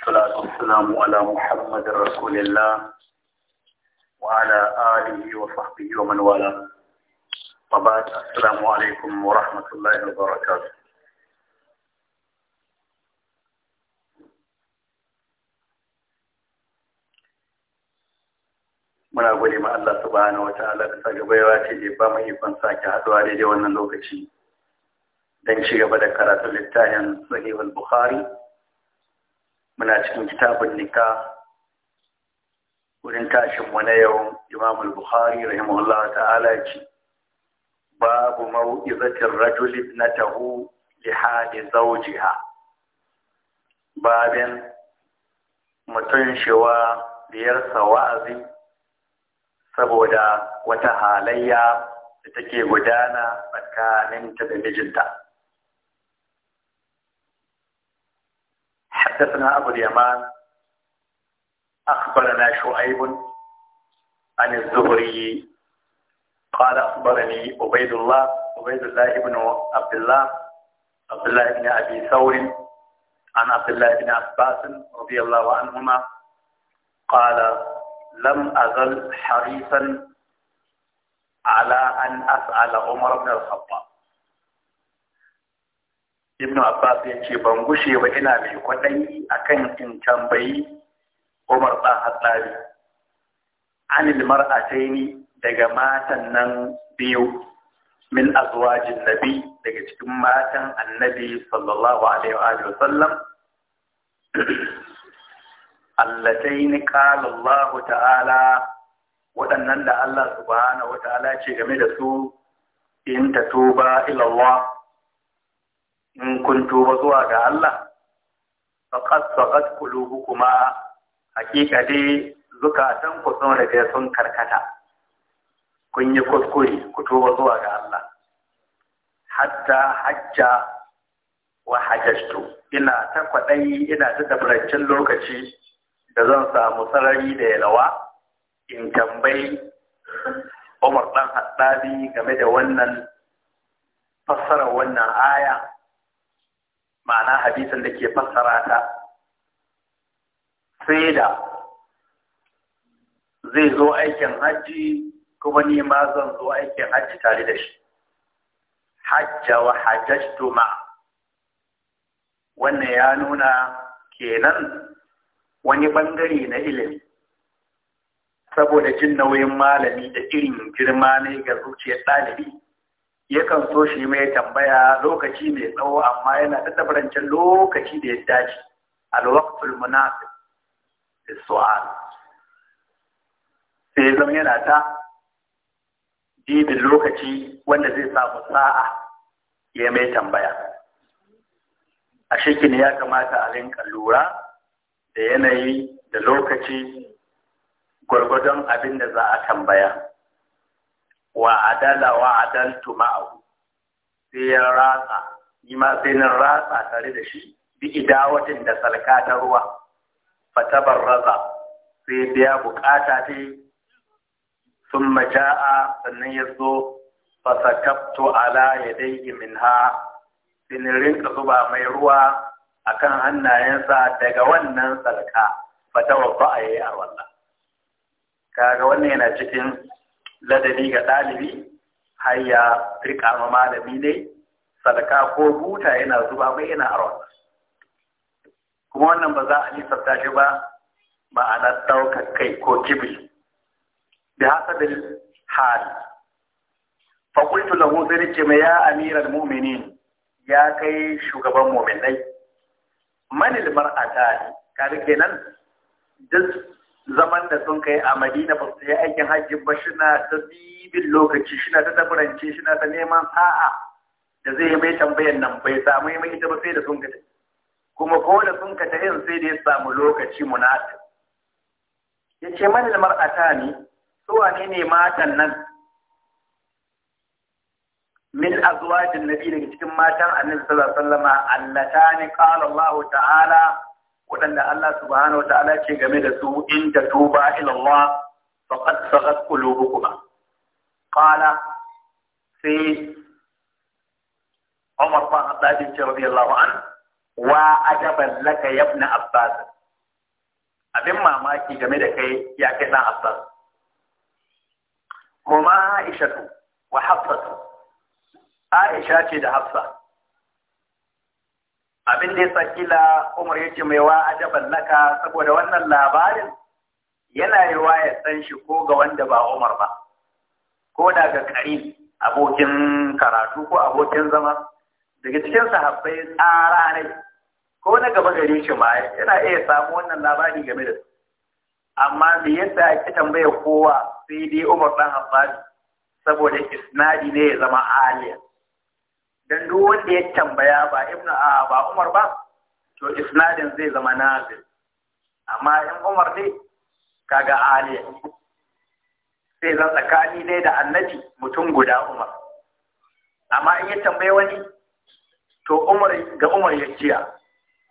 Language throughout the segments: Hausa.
والصلاة والسلام على محمد رسول الله وعلى آله وصحبه ومن والاه وبعد السلام عليكم ورحمة الله وبركاته من أقول ما الله سبحانه وتعالى سجبي واتي بما يكون ساكي هدوا لدي ونلوكتي دنشي قبل كراتو للتاين صحيح البخاري muna cikin kitabun nika wurin tashin mu na yau imam al-bukhari rahimahullah ta'ala ce babu mau'izatin rajul ibnatahu li hali zawjiha babin mutun shewa diyarsa wa'azi saboda wata halayya da take gudana tsakaninta da mijinta حدثنا أبو اليمان أخبرنا شعيب عن الزهري قال أخبرني عبيد الله عبيد الله بن عبد الله عبد الله بن أبي ثور عن عبد الله بن عباس رضي الله عنهما قال لم أزل حريصا على أن أسأل عمر بن الخطاب ibn abbas ya ce ban gushe ba ina mai kwaɗayi akan in tambayi umar ɗan hatsari anil ni daga matan nan biyu min azwajin nabi daga cikin matan annabi sallallahu alaihi wa sallam allataini ni Allah ta'ala waɗannan da Allah subhanahu wa ta'ala ce game da su in ta tuba Allah in kun tuba zuwa ga Allah faqad faqad kuma hakika dai zukatan ku sun riga sun karkata kun yi kuskure ku tuba zuwa ga Allah hatta hajja wa hajjastu, ina ta kwaɗayi ina ta dabrancin lokaci da zan samu sarari da yalawa in tambayi Umar ɗan Haddadi game da wannan fassara, wannan aya ma'ana hadisin da ke fassara ta sai da zai zo aikin hajji kuma ni ma zan zo aikin hajji tare da shi hajja wa hajjajtu ma wannan ya nuna kenan wani bangare na ilimi saboda jin nauyin malami da irin girma ne ga zuciyar ɗalibi yakan so shi mai tambaya lokaci mai tsawo amma yana ta tabarancin lokaci da ya dace alwaqtul munasib da sual sai zama yana ta dibin lokaci wanda zai samu sa'a ya mai tambaya a shekini ya kamata a rinka lura da yanayi da lokaci gwargwadon abin da za a tambaya wa adala wa adaltu ma'ahu sai ya ratsa Yi ma sai na ratsa tare da shi bi idawatin da salka ta ruwa fatabar raza sai biya bukata ta yi sun maja'a sannan ya zo tafto ala ya dai min ha sai rinka zuba mai ruwa A kan hannayensa daga wannan salka fatabar ba a yi a wannan kaga wannan yana cikin ladani ga ɗalibi har ya rika ma malami ne sadaka ko buta yana zuba mai yana aron kuma wannan ba za a lissafta shi ba ma'anar ɗaukar kai ko kibli da hasabin hal fakultu lahu sai ce mai ya amiral mu'minin ya kai shugaban mu'minai manil mar'ata ka rike nan duk zaman da sun kai a Madina ba su yi aikin hajji ba shina ta bibin lokaci shina ta tabarance shina ta neman sa'a da zai mai tambayan nan bai samu yi mai ita ba sai da sun kata kuma ko da sun kata yin sai da ya samu lokaci munasib ya ce mana mar'ata ne su wane ne matan nan min azwajin nabi daga cikin matan annabi sallallahu alaihi wasallama allatani qala Allah ta'ala waɗanda Allah subhanahu wa ta'ala ce game da su inda tuba ila Allah faqad sagat qulubukum qala sai Umar bin Khattab radiyallahu anhu wa ajaban laka ya ibn Abbas abin mamaki game da kai ya kai dan Abbas kuma Aisha wa Hafsa Aisha ce da Hafsa abin da ya sakila umar ya ce mai wa ajaban laka saboda wannan labarin yana yiwa ya san shi ko ga wanda ba umar ba ko da ga kari abokin karatu ko abokin zama daga cikin sahabbai tsara ne ko na gaba gari shi ma yana iya samu wannan labari game da su amma me yasa ki tambaya kowa sai dai umar dan hafsa saboda isnadi ne ya zama aliya dan duk wanda ya tambaya ba ibnu a ba Umar ba to isnadin zai zama nazil amma in Umar ne kaga ali sai zan tsakani ne da annabi mutum guda Umar amma in ya tambaye wani to Umar ga Umar ya ciya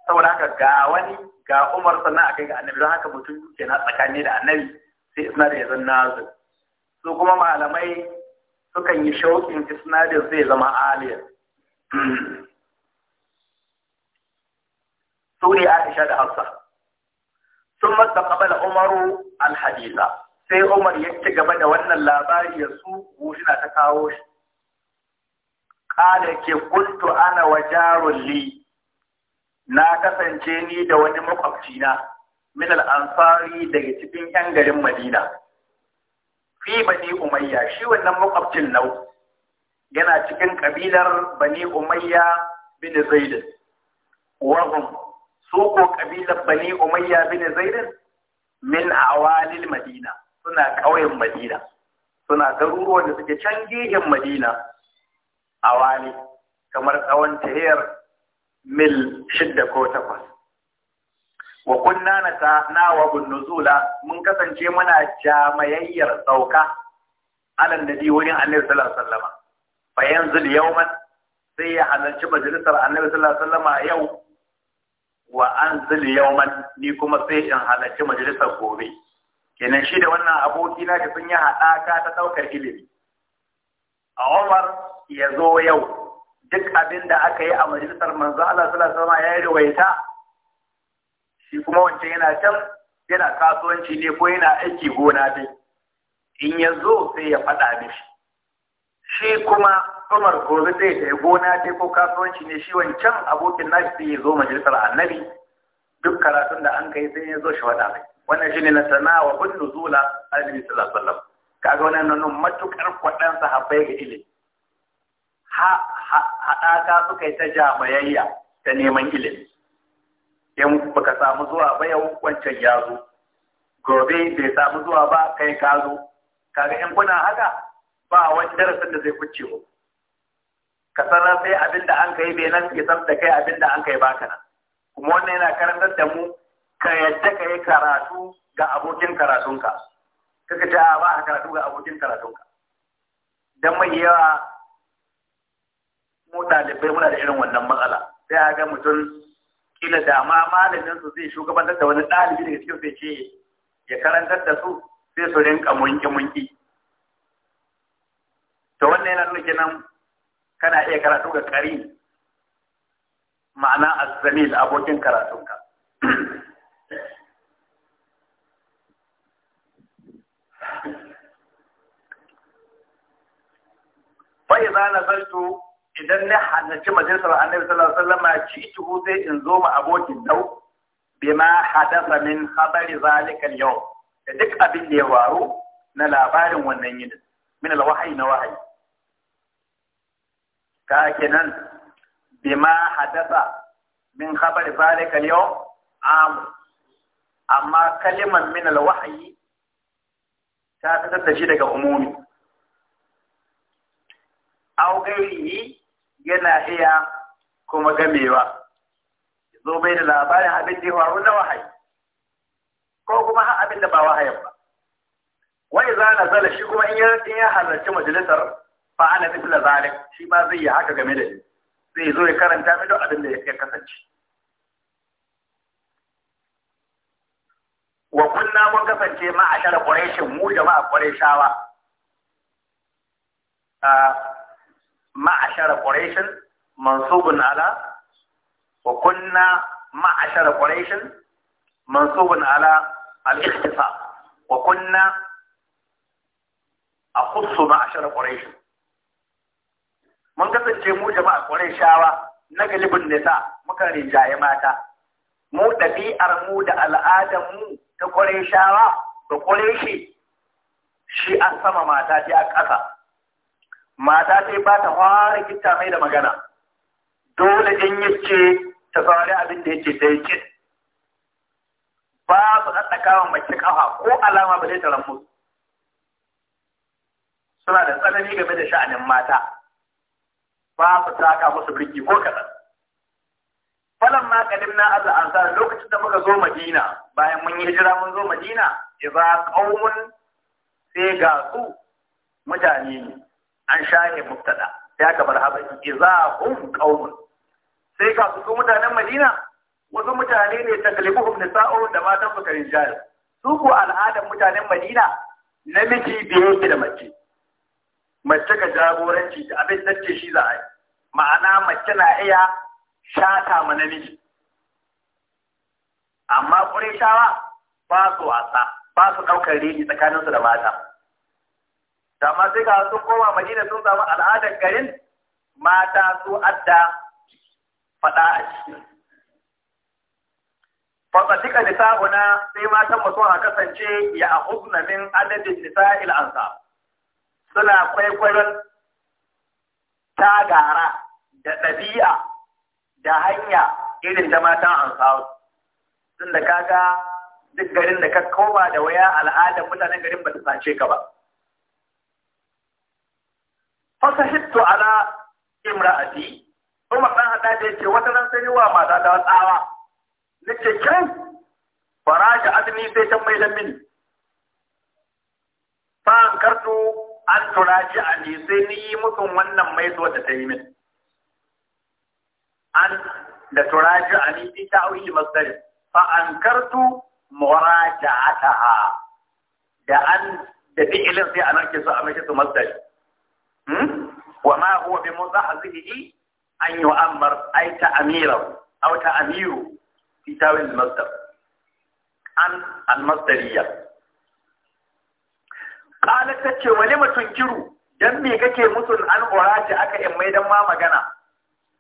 saboda haka ga wani ga Umar sannan akai kai ga annabi don haka mutum ke na tsakani da annabi sai isnadin ya zan nazil su kuma malamai sukan yi shauƙin isnadin zai zama aliyar sune Aisha da Hafsa sun masa kabala Umaru al sai Umar ya ci gaba da wannan labari ya su wurina ta kawo shi kala ke kuntu ana wa jarun li na kasance ni da wani makwabci na min al-ansari daga cikin yan garin Madina fi bani umayya shi wannan makwabcin nau yana cikin kabilar bani umayya bin zaid wahum su ko kabilar bani umayya bin zaid min awalil madina suna ƙauyen madina suna garuruwan da suke can gehen madina awali kamar tsawon tahiyar mil shidda ko takwas wa kunna na ta nawa nuzula mun kasance muna jamayayyar sauka alan nabi wurin annabi sallallahu alaihi wasallam fa yanzu yawman sai ya halarci majalisar annabi sallallahu alaihi wasallam yau wa an anzil yawman ni kuma sai in halarci majalisar gobe kenan shi da wannan aboki na da sun yi haɗaka ta ɗaukar ilimi a Umar ya zo yau duk abin da aka yi a majalisar manzo Allah sallallahu alaihi wasallam ya yi ruwaita shi kuma wancan yana can yana kasuwanci ne ko yana aiki gona dai in ya zo sai ya faɗa mishi shi kuma Umar gobe zai da gona ce ko kasuwanci ne shi wancan abokin nashi sai ya zo majalisar annabi duk karatun da an kai sai ya zo shi wada mai wannan shine na sanawa bin nuzula annabi sallallahu alaihi wasallam kaga wannan nan matukar kwadan sahabbai ga ilimi ha haɗaka suka yi ta jamayayya ta neman ilimi in baka samu zuwa ba yau wancan ya gobe bai samu zuwa ba kai ka zo kaga in kuna haka ba wani darasin da zai kuce mu ka sanar sai abin da an kai bai nan ke san da kai abin da an kai baka nan kuma wannan yana karantar da mu ka yadda ka yi karatu ga abokin karatunka kaka ba a ba karatu ga abokin karatunka dan mai yawa mu ɗalibai muna da irin wannan matsala sai a ga mutum kila da ma malamin su zai shugabantar da wani ɗalibi daga cikin sai ce ya karantar da su sai su rinka munki munki to wannan yana nuna kenan kana iya karatu ga kari ma'ana azzamil abokin karatunka fa'iza na zartu idan na halarci majalisar annabi sallallahu alaihi wasallam ci tuhu sai in zo ma abokin dau bima hadatha min khabari zalika al-yawm da duk abin da ya waru na labarin wannan yini min al-wahyi na wahayi ka kenan bima hadasa min khabar zalika al-yawm am amma kaliman min al-wahyi ta fitar da shi daga umumi aw gairihi yana iya kuma gamewa zo bai da labarin abin da ya na wahayi ko kuma har abin da ba wahayin ba wai za na zala shi kuma in ya halarci majalisar fa'ala mithla zalik shi ma zai yi haka game da shi zai zo ya karanta mai duk abin da ya kasance wa kunna mun kasance ma a shara quraishin mu jama'a quraishawa a ma a shara quraishin mansubun ala wa kunna ma a shara quraishin mansubun ala al-ikhtisab wa kunna a أخص ƙwarai قريش mun kasance mu jama'a ƙwarai shawa na galibin nisa muka rinjaye mata mu ɗabi'ar mu da al'adar mu ta ƙwarai shawa da ƙwarai shi shi an sama mata ta a ƙasa mata ta ba ta fara gitta mai da magana dole in yace ta saurari abin da yake ta yake ba su haɗakawa mace ƙafa ko alama ba zai taron mu suna da tsanani game da sha'anin mata ba su taka musu birki ko kaɗan. Falan ma kalim na Allah ansar lokacin da muka zo Madina bayan mun yi hijira mun zo Madina idza qaumun sai ga su mutane ne an shahe mubtada sai aka bar haba idza hum qaumun sai ga su mutanen Madina wasu mutane ne taklibuhum nisa'u da matan fukarin jahil su ko al'adar mutanen Madina namiji bai yake da mace mace ka jagoranci da abin da shi za a yi ma'ana mace na iya shata ma namiji amma shawa ba su wasa ba su ɗaukar rigi tsakaninsu da mata amma sai ga sun koma madina sun samu al'adar garin mata su adda faɗa a ciki fasadika nisa'una sai matan mutum a kasance ya a min adadin nisa'il ansa suna kwaikwayon ta gara da ɗabi'a da hanya irin ta matan ansaru tun da kaga duk garin da ka koma da waya al'adar mutanen garin ba ta sace ka ba Fasa hito ala imra'ati kuma ɗan hada da yake wata nan sai wa mata da tsawa nake kai faraja azmi sai ta mai lamini fa an an turaji a ne sai ni yi mutum wannan mai zuwa da ta yi min an da turaji a ni bi ta auki masdar fa an kartu mora da an da fi'ilin sai an narki su a mashi su masdar hmm? wa ma huwa bi muzahzihi an yi wa ta ay ta'mira aw amiru, fi wani masdar an al masdariyah qalat tace wali mutun kiru dan me kake mutun an urati aka in mai dan ma magana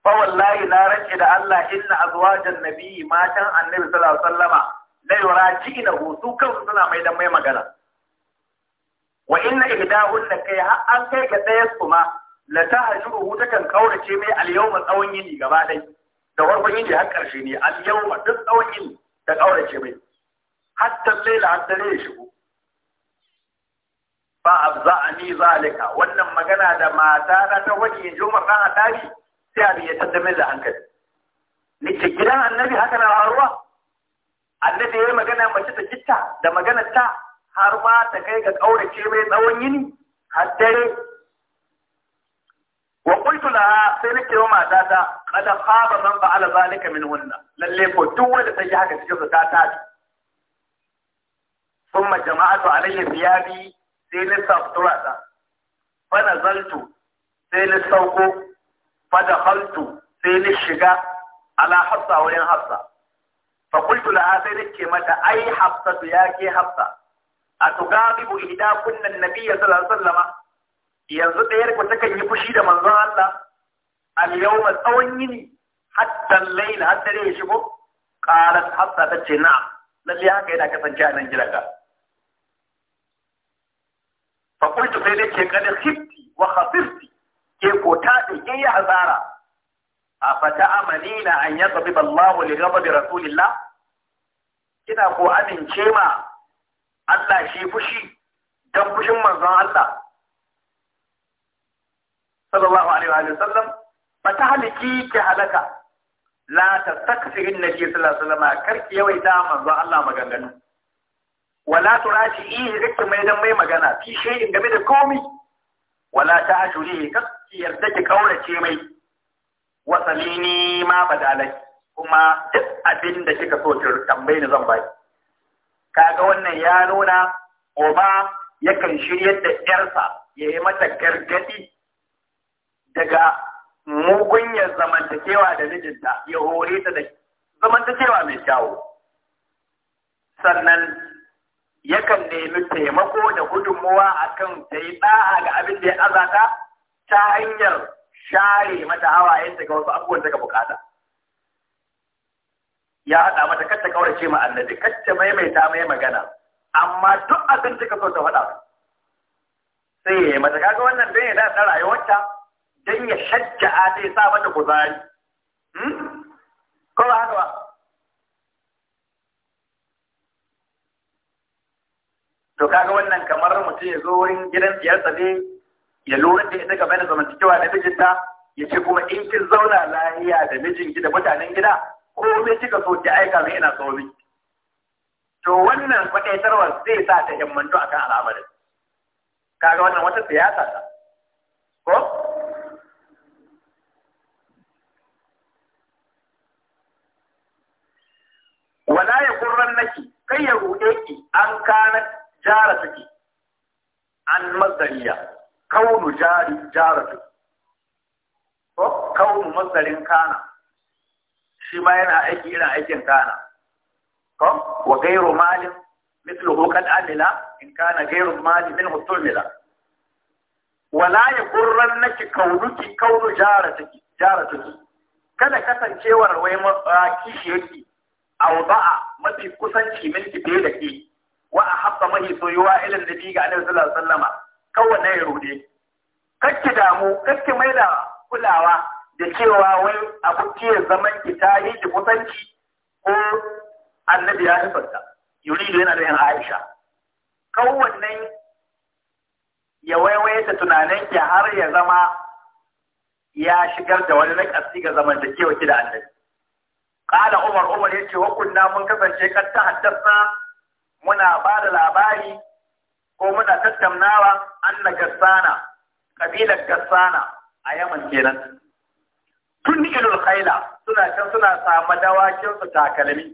fa wallahi na rance da Allah inna azwajan nabi matan annabi sallallahu alaihi wasallama la kan su kansu suna mai dan mai magana wa inna ihdahunna kai har an kai ga ɗaya su ma la tahjuruhu takan kaurace mai al-yawma tsawon yini gaba dai da warkon yini har karshe ne al-yawma duk tsawon yini ta kaurace mai hatta laila hatta ne ya shigo fa ni zalika wannan magana da mata na ta waje yanzu ji Umar dan sai abin ya taddame da hankali nake gidan annabi haka na haruwa annabi yi magana mace ta kitta da magana ta har ma ta kai ga kaurace mai tsawon yini har dare wa qultu la sai nake wa mata ta qad khaba man fa'ala zalika min minhunna lalle ko duk wanda ta yi haka cikin su ta tafi ثم جمعت عليه ثيابي sai na saftura ta fa sai na sauko fa dakhaltu sai na shiga ala hafsa wurin hafsa fa qultu laha sai nake mata ai hafsa ya ke hafsa atugabibu ihda kunna annabiyya sallallahu alaihi wasallama yanzu ɗayar ku takan yi fushi da manzon Allah al yawma tsawon yini hatta Layla, har dare ya shigo qalat hafsa ce na'am lalle haka yana kasance a nan gidanka fa qultu sai nake kada khifti wa khafifti ke ko ta ke yi azara a fata amanina an yaqbi Allahu li ghadabi rasulillah kina ko amince ma Allah shi fushi dan fushin manzon Allah sallallahu alaihi wa sallam fata haliki ki halaka la tastakfirin nabi sallallahu alaihi wa sallam yawaita manzon Allah maganganu wala turashi ihi kake mai dan mai magana fi in game da komi wala ta ta'shuri kake yarda ki kaurace mai wasalini ma badalai kuma duk abin da kika so ki tambaye ni zan baki kaga wannan ya nuna ya yakan shiryar da yarsa ya yi mata gargadi daga mugunyar zamantakewa da mijinta ya hore ta da zamantakewa mai kyawu sannan yakan nemi taimako da gudunmuwa akan ta yi ɗaha ga abin da ya azata ta hanyar share mata hawayenta daga wasu abubuwan daga bukata ya haɗa mata kacce ta kaurace ma annabi maimaita mai magana amma duk abin da ka so ta faɗa sai ya yi mata kaga wannan don ya da daɗa rayuwarta don ya shajja'a a ya sa mata kuzari hmm? ko ba haka ba to kaga wannan kamar mutum ya zo wurin gidan siyarsa ne ya lura da ita game da zamantakewa da mijinta ya ce kuma in kin zauna lahiya da mijin gida mutanen gida ko me kika so ki aika mai ina tsoro miki to wannan kwaɗaitarwar zai sa ta himmantu akan al'amarin kaga wannan wata siyasa ta jara take an mazdariya kaunu jari jara take ko kaunu mazdarin kana shi ma yana aiki irin aikin kana ko wa gairu malin hu kad amila in kana gairu malin min hutumila wala yakurrannaki naki kaunu ki, kaunu jara take jara take kada kasancewar wai kishiyarki a ba'a mafi kusanci minki fiye da ke wa ahabba mahi soyuwa ilan nabi ga annabi sallallahu alaihi wasallama kawanne ya rude kakki damu kakki maida kulawa da cewa wai abu ke zaman ki ta yi ki kusanci ko annabi ya hifanta yuridu yana da yan aisha kawanne ya waiwaita tunanin ki har ya zama ya shigar da wani nakasi ga zaman da kewa ki da annabi قال عمر عمر يتي وكنا من كفن شيء قد تحدثنا muna ba da labari ko muna tattaunawa anna gassana kabilar gassana a yaman kenan tun ilul khaila suna can suna sama dawakin su takalmi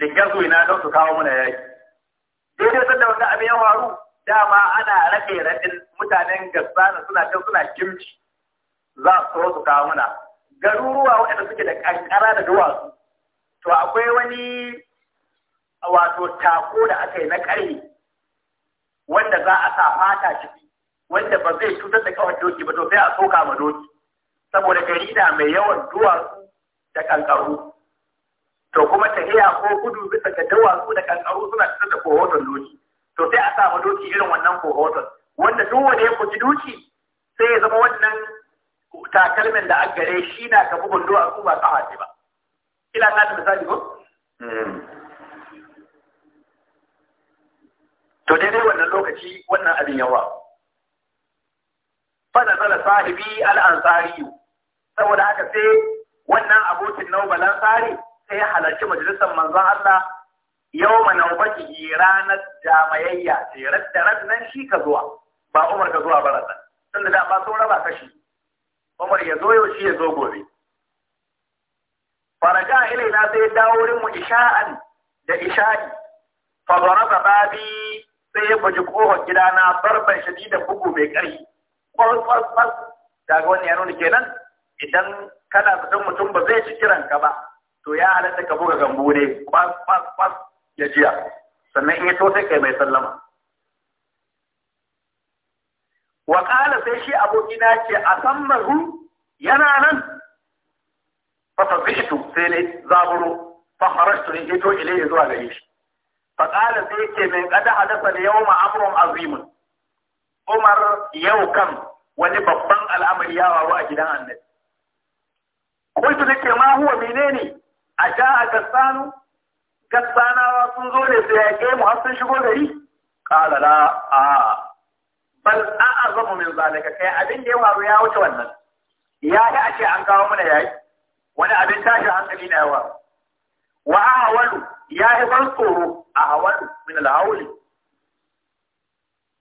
ligazu ina don su kawo muna yaki daidai sun da wanda abin ya faru dama ana rage raɗin mutanen gassana suna can suna kimci za su so su kawo muna garuruwa waɗanda suke da kankara da duwatsu to akwai wani wato tako da aka yi na ƙarfe wanda za a sa fata ciki wanda ba zai cutar da kawai doki ba to sai a soka ma doki saboda gari na mai yawan duwatsu da kankaru to kuma tahiya ko gudu bisa ga duwatsu da kankaru suna cutar da kohoton doki to sai a sa ma doki irin wannan kohoton wanda duk wanda ya kuci doki sai ya zama wannan takalmin da an gare shi na ka bugun duwatsu ba ta haɗe ba ila na ta misali ko hmm. to daidai wannan lokaci wannan abin yawa fa nazala sahibi al-ansari saboda haka sai wannan abokin Na'ubalan tsari sai ya halarci majalisar manzon Allah yau manaubaki ranar jamayayya ce raddarar nan shi ka zuwa ba Umar ka zuwa barasa tunda da ba sun raba kashi Umar ya zo yau shi ya zo gobe faraja ilaina sai dawo rin mu isha'an da isha'i fa daraba babi sai ya buji kohon gidana barban da bugu mai ƙarfi kwalfalfal ga wani ya nuna kenan idan kana zaton mutum ba zai ci kiran ka ba to ya halatta ka buga gambo ne kwalfalfal ya jiya sannan in ya to sai kai mai sallama wa sai shi abokina ce a san mahu yana nan fa fazitu sai ne zaburo fa kharajtu ni ito ilayhi zuwa gare shi faƙala sai yake min kada hadasa da yau ma'amurin azimin umar yau kan wani babban al'amari ya waru a gidan annabi kuntu nake ma huwa menene a a gassanu sun zo ne su yaƙe har sun shigo gari ƙala la a bal a azamu min zalika kai abin ya waru ya wuce wannan ya yi a an kawo mana yayi wani abin tashin hankali na yawa wa ahwalu ya yi ban tsoro ahwalu min al-hawli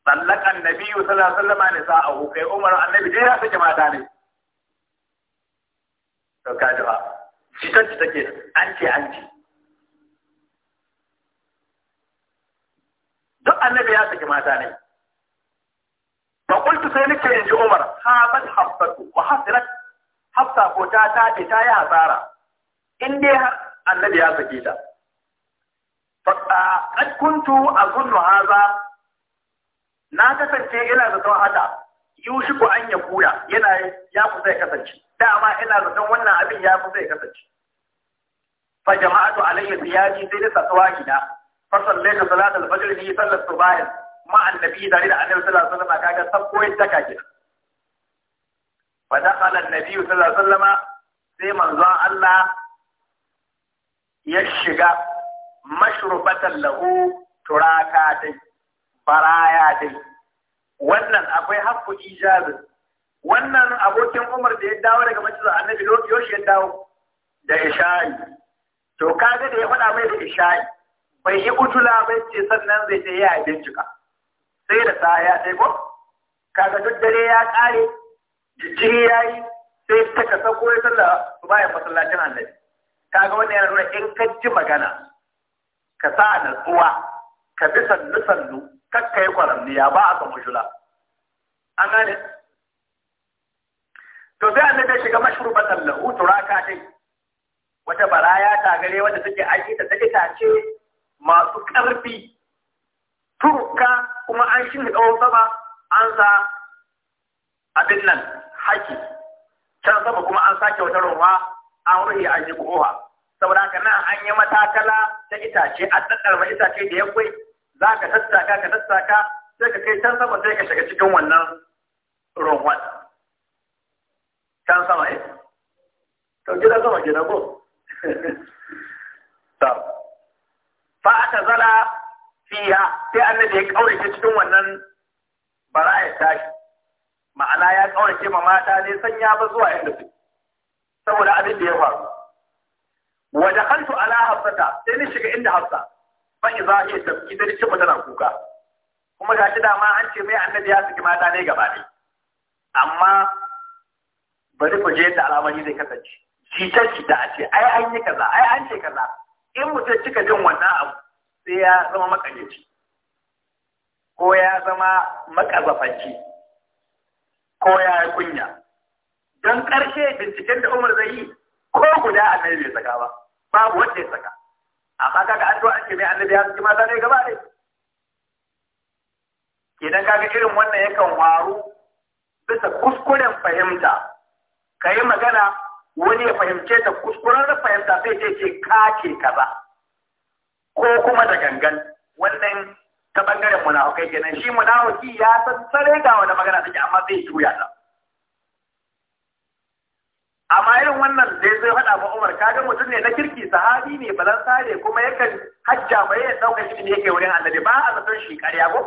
sallaka annabi sallallahu alaihi wasallam ne sa kai umar annabi dai ya sake mata ne to kaji annabi ya saki mata ne sai nake in ji umar hafsatu wa hafsa ko ta ta ta yi hasara in dai har annabi ya sake ta fa qad kuntu azunnu hadha na kasance ina zaton haka yushiku an ya kura yana ya kusa ya kasance dama ina zaton wannan abin ya kusa ya kasance fa jama'atu alayhi siyaji sai da satuwa gida fa sallaita salat al-fajr ni sallat subah ma annabi da da annabi sallallahu alaihi wasallam kaga sabko ya taka gida fa dakhala an-nabi sallallahu alaihi wasallam sai manzon Allah ya shiga mashrubatan lahu turaka dai baraya dai wannan akwai hakku ijazin wannan abokin Umar da ya dawo daga mace annabi yoshi ya dawo da isha'i to kaga da ya faɗa mai da isha'i bai yi utula bai ce sannan zai ce ya bincika sai da sa ya sai ko kaga duk dare ya ƙare jijjiri ya yi sai ta ka sako ya sallah ya masallacin annabi kaga wannan yana nuna in ka ji magana ka sa natsuwa ka bi sannu sannu kakka yi kwaramniya ba a samu shula an gane to sai annabi ya shiga mashrubatan lahu turaka dai wata baraya ta gare wanda suke aiki da take tace masu karfi turka kuma an shi tsawon sama an sa abin nan haki can sama kuma an sake wata roma an rufe an yi koha saboda haka nan an yi matakala ta itace an daddarma itace da ya kwai za ka tattaka ka tattaka sai ka kai can sama sai ka shiga cikin wannan rohon can sama ita eh? kan gida sama gida ko fa aka zala fiya sai annabi ya kaurace cikin wannan bara ya tashi ma'ana ya kaurace ma mata ne sanya ba zuwa inda suke saboda abin da ya faru wa dakhaltu ala hafsata sai ni shiga inda hafsa fa idza hiya tabki da ce tana kuka kuma ga da ma an ce mai annabi ya saki mata ne gaba ne amma bari ku je da alamani zai kasance jita jita a ce ai an yi kaza ai an ce kaza in mutum cika jin wannan abu sai ya zama makanyaci ko ya zama makazafanci ko ya yi kunya don ƙarshe binciken da Umar zai yi ko guda annabi bai saka ba babu wanda ya saka amma kaga an zo an ce mai annabi ya saki mata ne gaba ne? idan kaga irin wannan yakan waru bisa kuskuren fahimta ka yi magana wani ya fahimce ta kuskuren da fahimta sai ce ce ka ce kaza ko kuma da gangan wannan ta bangaren munafukai kenan shi munafuki ya san sare ga wani magana take amma zai juya ta amma irin wannan da ya zai faɗa ba Umar kaga mutum ne na kirki sahabi ne balan sare kuma yakan hajja ba ya shi ne yake wurin annabi ba a zaton shi ƙarya ko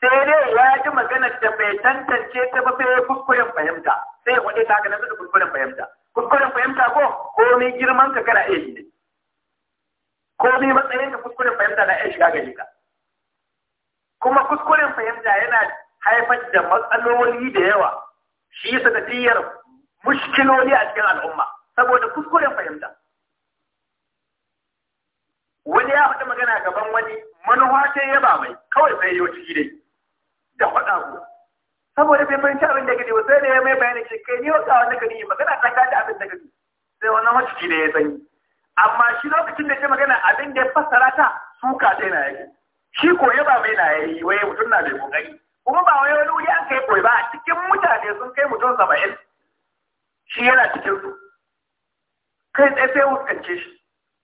sai dai ya ji magana da bai tantance ta ba sai kuskuren fahimta sai wani ta ga nasu da kuskuren fahimta kuskuren fahimta ko komai girman ka kana iya yi ne komai matsayin ka kuskuren fahimta na iya shiga gari ka kuma kuskuren fahimta yana haifar da matsaloli da yawa shi sanadiyar mushkiloli a cikin al'umma saboda kuskuren fahimta wani ya faɗi magana gaban wani manuwa ce ya ba mai kawai sai yau ciki dai da faɗa ku saboda bai fahimci abin da gani, ba sai da ya mai bayani ce kai ni wata wani gani magana ta kaji abin da gani sai wannan wani ciki da ya sanyi amma shi lokacin da ke magana abin da ya fassara ta suka sai na yake shi ya ba mai na yayi wai mutum na bai kokari kuma ba wai wani wuri an kai koyi ba cikin mutane sun kai mutum saba'in shi yana cikin su kai tsaye sai wuskance shi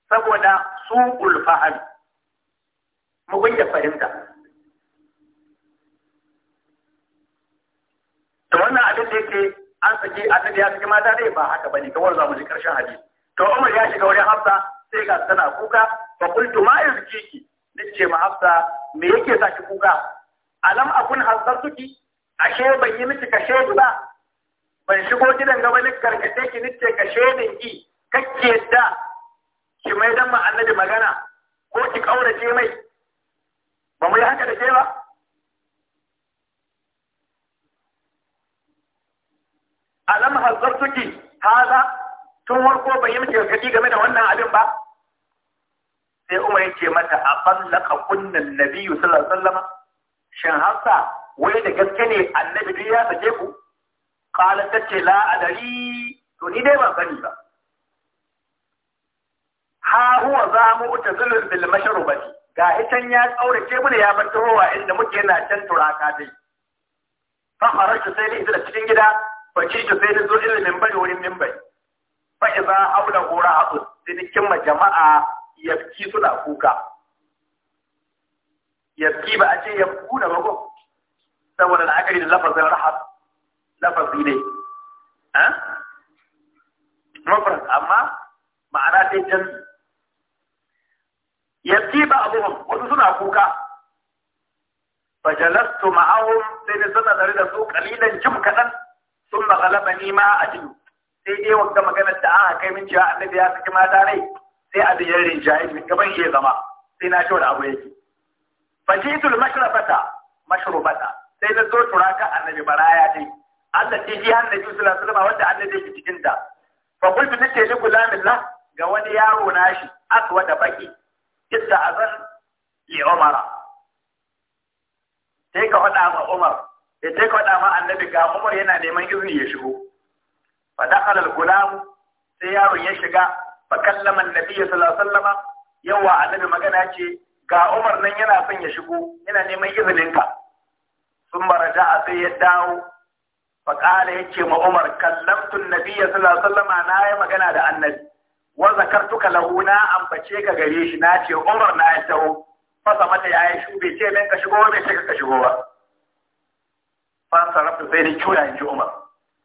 saboda su ulfahari mugunyar fahimta da wannan abin da yake an saki ya saki mata dai ba haka bane kawai za mu ji karshen hadisi to Umar ya shiga wurin Hafsa sai ga tana kuka fa qultu ma yazkiki nace ma Hafsa me yake sa ki kuka alam akun hazzartuki ashe bai yi miki kashe ba ban shigo gidan gaba ni karkace ki nice ka shedin ki kake yadda ki mai dan annabi magana ko ki kaurace mai ba mu yi haka da ke ba alam hazzartuki haza tun warko bai yi miki gargadi game da wannan abin ba sai Umar yake mata a ballaka kunnan nabiyyu sallallahu alaihi wasallam shin hafsa wai da gaske ne annabi ya sake ku qala tace la adari to ni dai ban sani ba ha huwa zamu zulun bil mashrubati ga hitan ya tsaurace mu ya bar tahowa inda muke na can turaka dai fa kharajtu sai ni da cikin gida fa ci sai ni zo ilmin minbari wurin minbari fa idza a qura aqus dinikin ma jama'a yabki suna kuka yabki ba a ce yabku da bago saboda la'akari da lafazin rahab lafazi ne mufrad amma ma'ana jan jami'i ba abubuwan wasu suna kuka fajalastu ma'ahum sai ne suna tare da su kalilan jim kaɗan sun magalaba ni ma a jin sai dai wata maganar da aka kai min cewa annabi ya saki mata rai sai abin ya rinjaye min gaban iya zama sai na shi wani abu yake fajitul mashrabata mashrubata sai na zo turaka annabi baraya dai Allah ce ji har da Yusuf sallallahu alaihi wanda Allah yake cikin ta fa qultu nake ni gulamin la ga wani yaro na shi, aswa da baki kisa azan li Umar sai ka faɗa ma Umar sai ka faɗa ma annabi ga Umar yana neman izini ya shigo fa dakhala al-gulam sai yaron ya shiga fa kallama annabi sallallahu alaihi wasallam yawa annabi magana ce ga Umar nan yana son ya shigo yana neman izininka sun baraja a sai ya dawo faƙala ya ce ma Umar kallaftun nabiya sallallahu alaihi na ya magana da annabi wa zakartuka lahu na ambace ka gare shi na ce Umar na ya taho fasa mata ya yi shu bai ce min ka shigo bai ce ka shigo ba fan sarrafa sai ni cuya in ji Umar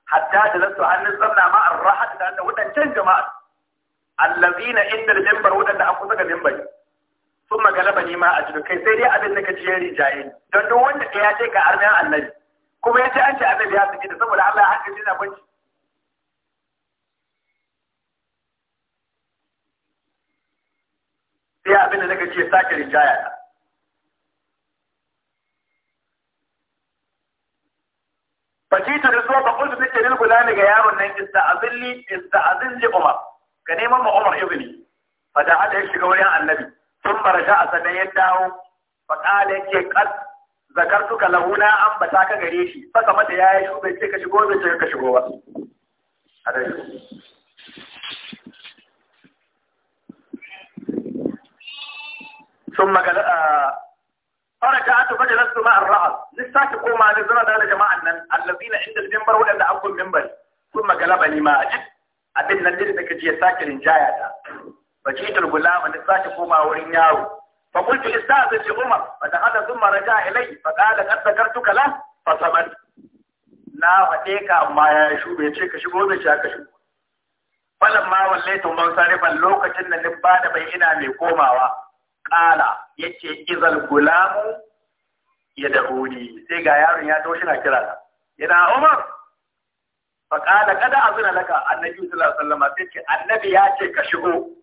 hatta da lasu an tsanna ma arrahat da da wadancan jama'a allazina inda al-minbar wadanda an kusa ga minbari sun magalaba ni ma a jikin kai sai dai abin da ka ji ya rijaye don duk wanda ya ce ka armiyan annabi kuma ya ce an ce annabi ya saki da saboda Allah ya hankali na bacci sai abin da nake ce sake rinjaya ta fajitu da so ba kullu nake lil gulani ga yaron nan ista'azilli ista'azilli umar ka neman ma umar ibni fa da hada ya shiga wurin annabi sun maraja a sanan ya dawo fa qala yake qad zakartuka lahu na ambata ka gare shi saka mata yayi shu bai ce ka shigo bai ce ka shigo ba ثم قال فرجعت فجلست مع الرعد لساتي كوما لزنا دا جماعة الذين عند المنبر ولا أبو المنبر ثم قلبني ما أجد abin nan da kake ji ya sake rinjaya ta bace ta gulama da sake koma wurin yaro فقلت استاذن لعمر فدخل ثم رجع الي فقال قد ذكرتك له فصمت na faɗe ka amma ya ce ka shigo bai ka shigo falan ma wallaitu man sarifan lokacin da nibba da bai ina mai komawa ƙala yace izal gulamu ya da'uni sai ga yaron ya taho shi na kira ta yana umar fa qala kada azna annabi sallallahu alaihi wasallam ce annabi ya ce ka shigo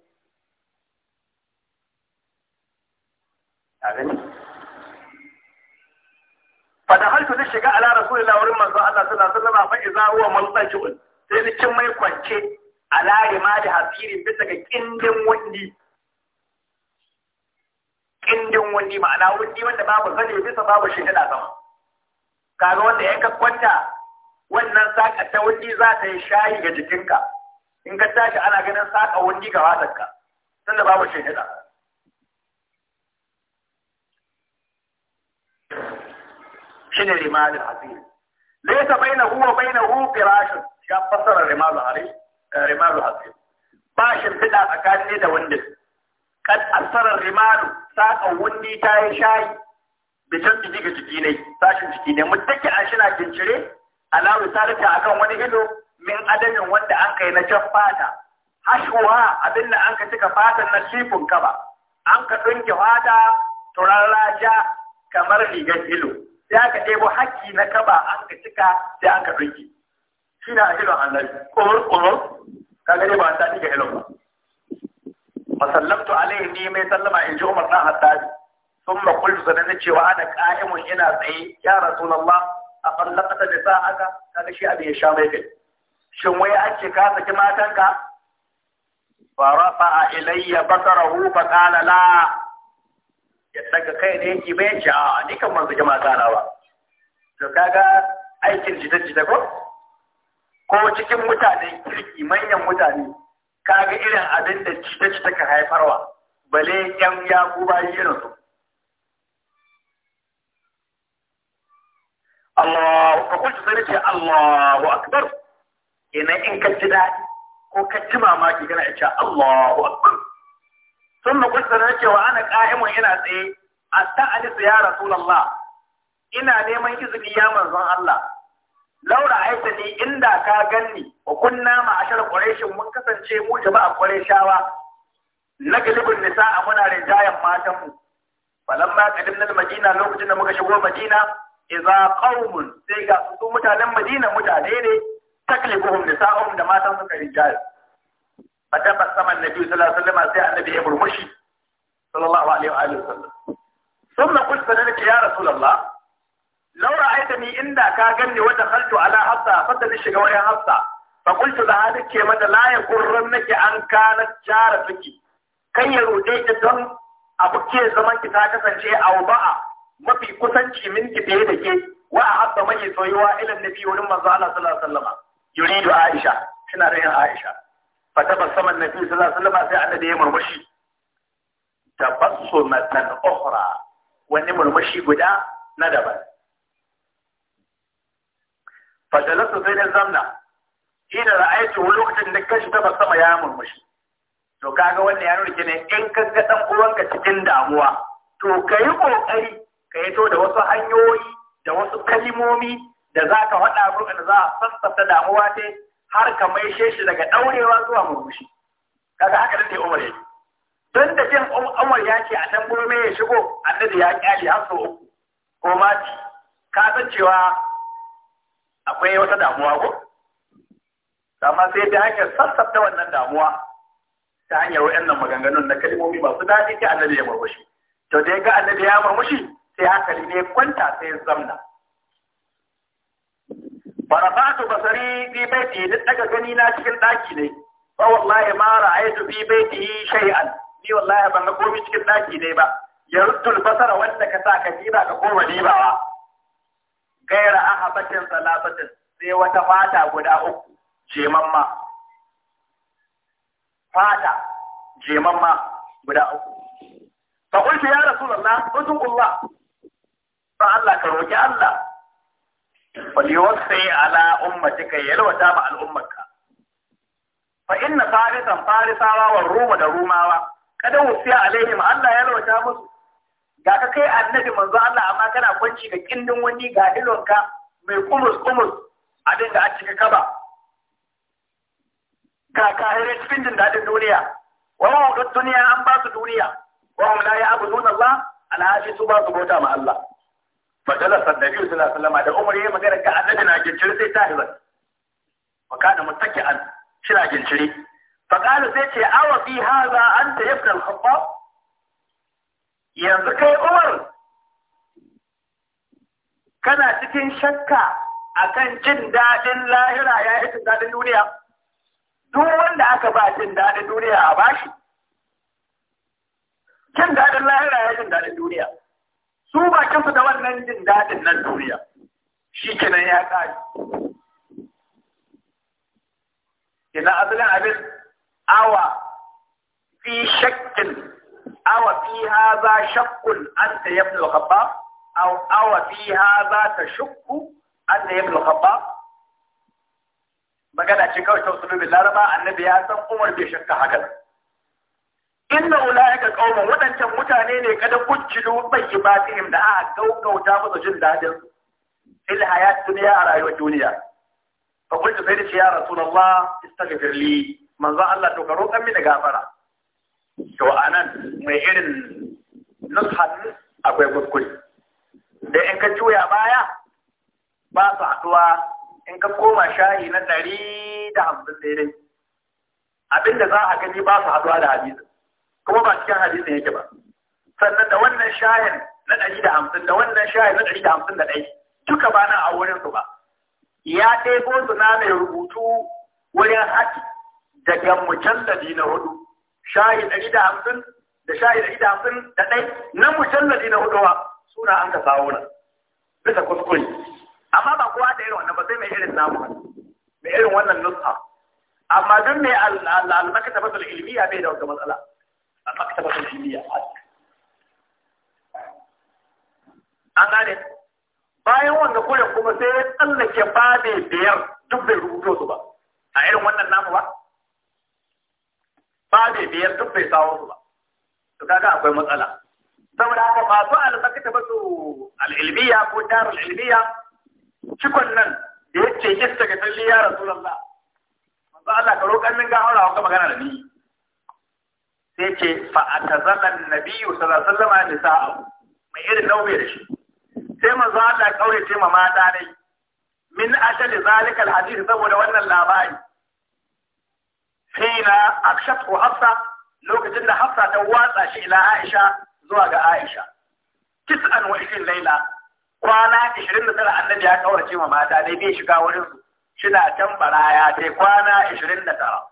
a fa da haltu da shiga ala rasulun wurin manzo Allah sallallahu alaihi wasallam fa idza huwa multaji'un sai ni cin mai kwance ala da hasirin bisa ga kindin wundi. kindin wundi ma'ana wundi wanda babu zane bisa babu shigila sama kaga wanda ya kwanta wannan saka ta wundi za ta yi shayi ga jikinka in ka tashi ana ganin saka wundi ga wasanka da babu sama shine rimal al-hasir baina huwa, baina bainahu firash ya fasara rimal al-hasir eh, rimal al-hasir ba shi fida tsakanin da wanda kad asara rimal saqa wundi ta yi shayi bitan jiki ga jiki ne sashin jiki ne mutaki a shi na kincire ala wisalata akan wani ido min adadin wanda an kai na can fata hashuwa abin da an ka cika fatan na ka kaba an ka ɗinke fata turarraja kamar rigar ilo sai aka ɗebo haƙƙi na kaba an ka cika sai an ka ɗauki shi na hilon annabi ƙoror ƙoror ka gane ba ta ɗiga hilon ba masallamtu alaihi ni mai sallama in ji umar ɗan hattabi sun makultu su da cewa ana ƙa'imun ina tsaye ya rasulallah a ɓallakata da sa aka kaga shi abin ya sha mai kai shin wai ake ka saki matanka farafa a ilayya basarahu fa qala la ya daga kai da yake bai ci a ni kan manzo jama'a tsarawa to kaga aikin jita-jita ko ko cikin mutane kirki manyan mutane kaga irin abin da jita-jita ka haifarwa bale yan ya ku bayi irin su Allah ka kulta sai ce Allahu akbar kenan in ka ji daɗi ko ka ji mamaki kana ce Allahu akbar sun ma kusa cewa ana ƙa'imun ina tsaye a ta'alisu ya rasulallah ina neman izini ya manzon Allah laura aita ni inda ka ganni wa kunna ma ashar quraishin mun kasance mu jama'a quraishawa na galibin nisa'a muna rijayan matan mu falamma qadimna madina lokacin da muka shigo madina idza qaumun sai ga su mutanen madina mutane ne taklifuhum nisa'uhum da matan suka rinjaya fatabar saman nabi sallallahu alaihi sai annabi ya murmushi sallallahu alaihi wa alihi wasallam thumma qultu sanadaka ya rasulullah law ra'aytani inda ka ganni wa dakhaltu ala hafsa fadda ni shiga wayan hafsa fa qultu da hadake mata la yakurrannaki an na jaratuki kan ya rode ki don abu ke zaman ki ta kasance a mafi kusanci min ki fiye da ke wa a habba mai soyuwa ilan nabi wurin manzo Aisha Aisha فتبسم النبي صلى الله عليه وسلم sai annabi ya murmushi tabassumatan ukhra wani murmushi guda na daban fajalasa sai na zamna ina ra'aytu lokacin da kashi sama ya murmushi to kaga wannan ya nuna kenan in ka ga dan uwanka cikin damuwa to kai kokari ka to da wasu hanyoyi da wasu kalimomi da za ka faɗa da za a sassafta damuwa ce har ka maishe shi daga daurewa zuwa murmushi kaga haka da Umar yake don da jin Umar ya ce a can gurme ya shigo annabi ya kyale har sau uku ko mati ka san cewa akwai wata damuwa ko amma sai ta hanyar sassafta wannan damuwa ta hanyar waɗannan maganganun na kalmomi masu daɗi sai annabi ya murmushi to da ya ga annabi ya murmushi sai hankali ne kwanta sai ya zamna farafatu basari fi baiti duk daga gani na cikin daki ne Ba wallahi ma ra'aytu fi baiti shay'an ni wallahi ban ga komai cikin daki ne ba ya ruddul basara wanda ka sa ka diba ka koma dibawa gaira ahabatin salabatin sai wata fata guda uku jemamma fata jemamma guda uku fa qultu ya rasulullah ud'u Allah fa Allah ka roki Allah falyuwassi ala ummatika yalwata ma al'ummarka fa farisan farisawa wa ruma da rumawa kada wusiya alaihim Allah yalwata musu ga ka kai annabi manzo Allah amma kana kwanci da kindin wani ga ilonka mai kumus kumus a da a cikin kaba ga kahirai cikin jin daɗin duniya wa mawudin duniya an ba su duniya wa hum la ya'buduna Allah alhaji su ba su bauta ma Allah فجلس النبي صلى الله عليه وسلم da Umar yayi magana ga annabi na gincire sai ta hibar wa kana muttaki'an shira gincire fa qala sai ce awa fi hadha yanzu kai Umar kana cikin shakka akan jin daɗin lahira ya yi jin daɗin duniya duk wanda aka ba jin daɗin duniya a bashi jin daɗin lahira ya jin daɗin duniya su bakin su da wannan jin daɗin nan duniya shi kenan ya ƙari kenan asalin abin awa fi shakkin awa fi haza shakkun an ta yabin lukabba awa fi haza ta shukku an ta yabin lukabba magana ce kawai ta usulun laraba annabi ya san umar bai shakka haka inna ulaika qaumun wadancan mutane ne kada kujjidu bayyibatihim da aka gaugauta musu jin dadin fil hayat dunya a rayuwar duniya fa qultu sai ce ya rasulullah istaghfir li manzo Allah to ka roƙan mini gafara to anan mai irin nushan akwai kuskure da in ka juya baya ba su haɗuwa in ka koma shayi na ɗari da hamsin daidai abinda za a gani ba su haɗuwa da hadisi kuma ba cikin hadisin yake ba sannan da wannan shayin na ɗari da hamsin da wannan shayin na ɗari da hamsin da ɗai duka ba nan a wurin su ba ya ɗebo su na mai rubutu wurin haƙi daga mujalladi na hudu shayi ɗari da hamsin da shayi ɗari da hamsin da ɗai na mujalladi na hudu suna an ka sawo nan bisa kuskure amma ba kowa da irin wannan ba sai mai irin namu mai irin wannan nusa amma don mai al-makatabatul ilmiya bai da wata matsala المكتبة العلمية an gane bayan wanda gurin kuma sai ya tsallake babe biyar duk bai rubuto su ba a irin wannan namu ba babe biyar duk bai sawo su ba to kaga akwai matsala saboda haka masu albarkata ba su al'ilmiya ko darul ilmiya cikon nan da ya ce istaga talliya rasulullah manzo Allah ka roƙan min ga haurawa ka magana da ni sai ce fa atazalan nabiyyu sallallahu alaihi wasallam nisa'u mai irin nauyi da shi sai mazu Allah kaure ce ma mata dai min ajali zalikal hadith saboda wannan labari hina akshatu hafsa lokacin da hafsa ta watsa shi ila Aisha zuwa ga Aisha tis'an wa ishin laila kwana 29 annabi ya kaurace ma mata dai bai shiga wurin su shina can baraya sai kwana 29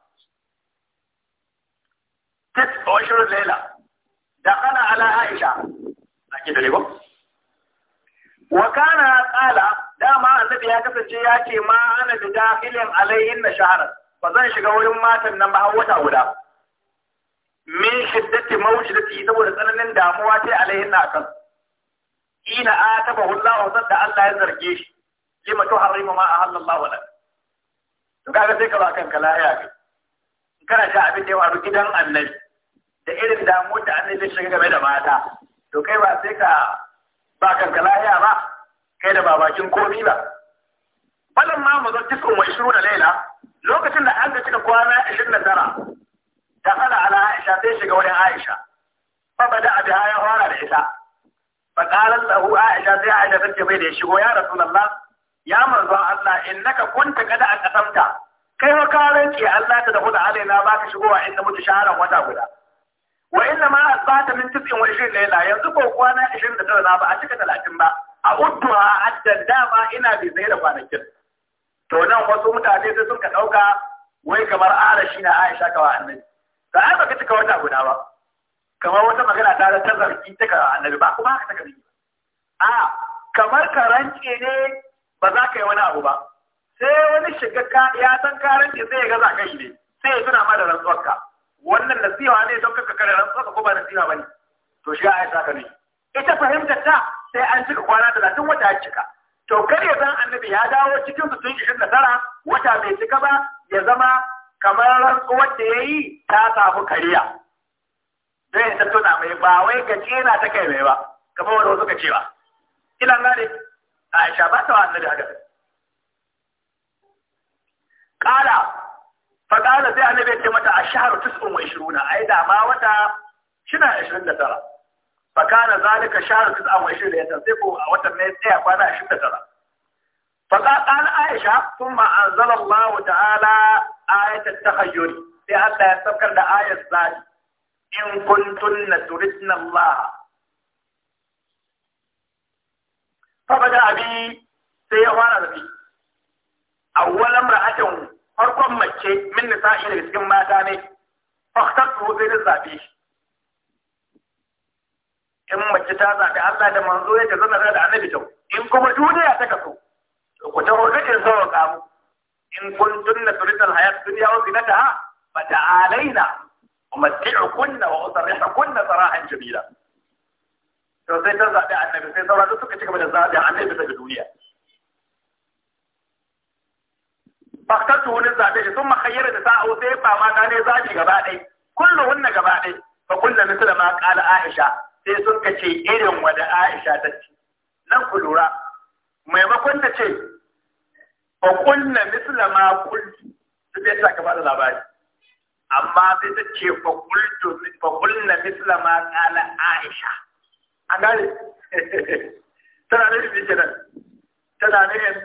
kat wa shirin laila dakhala ala aisha ake da lebo dama annabi ya kasance ya ce ma ana bi dakhilin alayhin shahara ba zan shiga wurin matan nan ba har wata guda min shiddati mawjidati saboda tsananin damuwa ce alayhin akan ina ba ataba wallahu da Allah ya zarge shi lima tuharrimu ma a ahallallahu lak to kaga sai ka ba kanka lahiya kai kana sha abin da ya faru gidan annabi da irin damuwar da annabi shiga game da mata to kai ba sai ka ba kanka lahiya ba kai da babakin komi ba balan ma mazan tiskun wa ishiru da laila lokacin da an ga cika kwana ishirin da tara da ala aisha sai shiga wurin aisha fa bada abi ya fara da ita fa qalat lahu aisha sai aisha tace bai da ya shigo ya rasulullah ya manzo Allah innaka kunta kada a kasamta kai fa ka ranke Allah ta da hudu alaina baka shigowa inda mutu shaharan wata guda wa inna ma asbata min ishirin layla yanzu ko kwana tara na ba a cika talatin ba a a adda dama ina bi zai da kwanakin to nan wasu mutane sai ka dauka wai kamar arashi na Aisha kawa annabi da ai baka cika wata guda ba kamar wata magana ta ta zarki ta kawa annabi ba kuma haka ta gani a kamar karance ne ba za ka yi wani abu ba sai wani shiga ya san karance sai ya gaza kai ne sai ya tuna ma da ka. wannan nasiha ne don kaka kare tsaka ko ba nasiha bane to shi ayat haka ne ita fahimtar ta sai an cika kwana latin wata ya cika to kar ya zan annabi ya dawo cikin su tun ishirin da tara wata bai cika ba ya zama kamar rantsuwar da ya yi ta samu kariya don ta tuna mai ba wai gaje na ta kai mai ba kamar wanda wasu ka cewa ila ngare Aisha ba ta wa annabi haka قال faƙala zai annabi ya ce mata a shahar tis'un wa ishiruna ai da ma wata shina ishirin da tara faƙala zalika shahar tis'un wa ishirin da tara sai ko a watan mai tsaya kwana ashirin da tara faƙala aisha sun ma'anzala Allah ta'ala ayatul takhayyuri sai Allah ya saukar da ayat zali in kuntunna turidna Allah fa bada abi sai ya fara da bi awwalan ra'atun farkon mace min nisa'i daga cikin mata ne faktartu sai na zaɓe shi in mace ta zaɓi Allah da manzo ya zana da annabi tau in kuma duniya ta kaso ku ta hoto in sauran kamu in kun tunna turital hayat duniya wa zinataha fa ta'alaina umatti'ukunna wa usarrihukunna sarahan jamila to sai ta zaɓi annabi sai sauran suka ci gaba da zaɓi annabi daga duniya fakatu wani zaɓe shi sun makayyar da sa'a sai ba mata ne zaɓi gaba ɗai kullum wunna gaba ɗai fa kullum misali ma ƙala Aisha sai sun kace irin wada Aisha ta ce nan ku lura maimakon ta ce fa kullum da ma kulki duk da ta gaba da labari amma sai ta ce fa kultu fa kullum da ma ƙala Aisha an gane tana da shi kenan tana da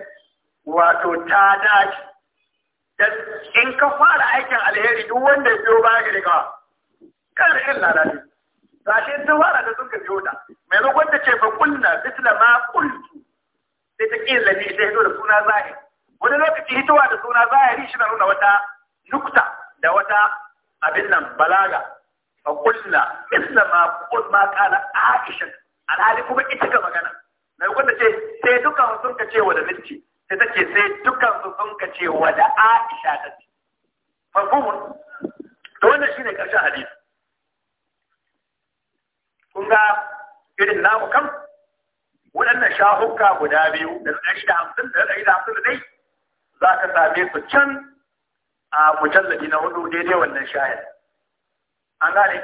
wato ta dace in ka fara aikin alheri duk wanda ya biyo baya gare ka kar in lalace rashe ta fara da sun ka biyo ta lokacin da ce ba kunna bisla ma qultu sai ta kila ni ta hito da suna zahiri wani lokaci hitowa da suna zahiri shi na nuna wata nukta da wata abin nan balaga fa kunna bisla ma qul ma kana aisha alhali kuma ita ka magana Mai lokacin da ce sai dukkan sun ka ce wa da minti sai take sai dukkan su sun ka ce wa da Aisha ta ce mafhumun to wannan shine karshen hadisi kun ga irin namu kam waɗannan shahuka guda biyu da ɗari da hamsin da ɗari da hamsin da dai za ka same su can a mujalladi na hudu daidai wannan shayar an gane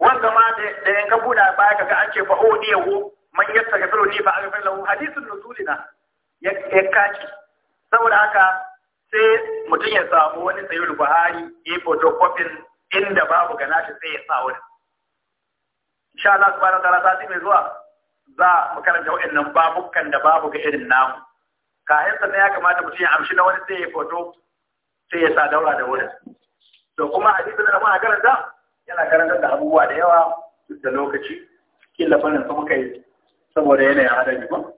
wanda ma da yanka buɗa baya ka ga an ce fa o ne yawo man yasta ga firo ne fa a ga firo hadisin ya kaci saboda haka sai mutum ya samu wani sayar buhari ya yi photocopin inda babu gana shi sai ya sa wani insha Allah bada tara sati mai zuwa za mu karanta waɗannan babukan da babu ga irin namu kayan sannan ya kamata mutum ya amshi na wani sai ya foto sai ya sa daura da wurin to kuma na da muka karanta yana karantar da abubuwa da yawa duk da lokaci kila fannin sun kai saboda yanayin hadari ba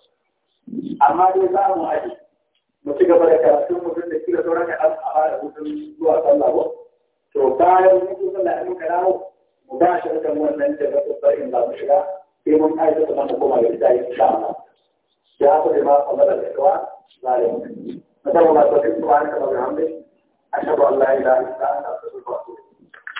amma dai za mu aji mu ci gaba da karatun mutum da kila sauran ya an a da mutum zuwa sallah ba to bayan hutun sallah in muka dawo mu ba shi da wannan da zaka in za mu shiga sai mun da kuma kuma koma dai ta insha Allah ya ku da ma Allah da kawa zalim مثلا ما تقول ba اللهم وبحمدك أشهد أن لا إله إلا أنت أستغفرك وأتوب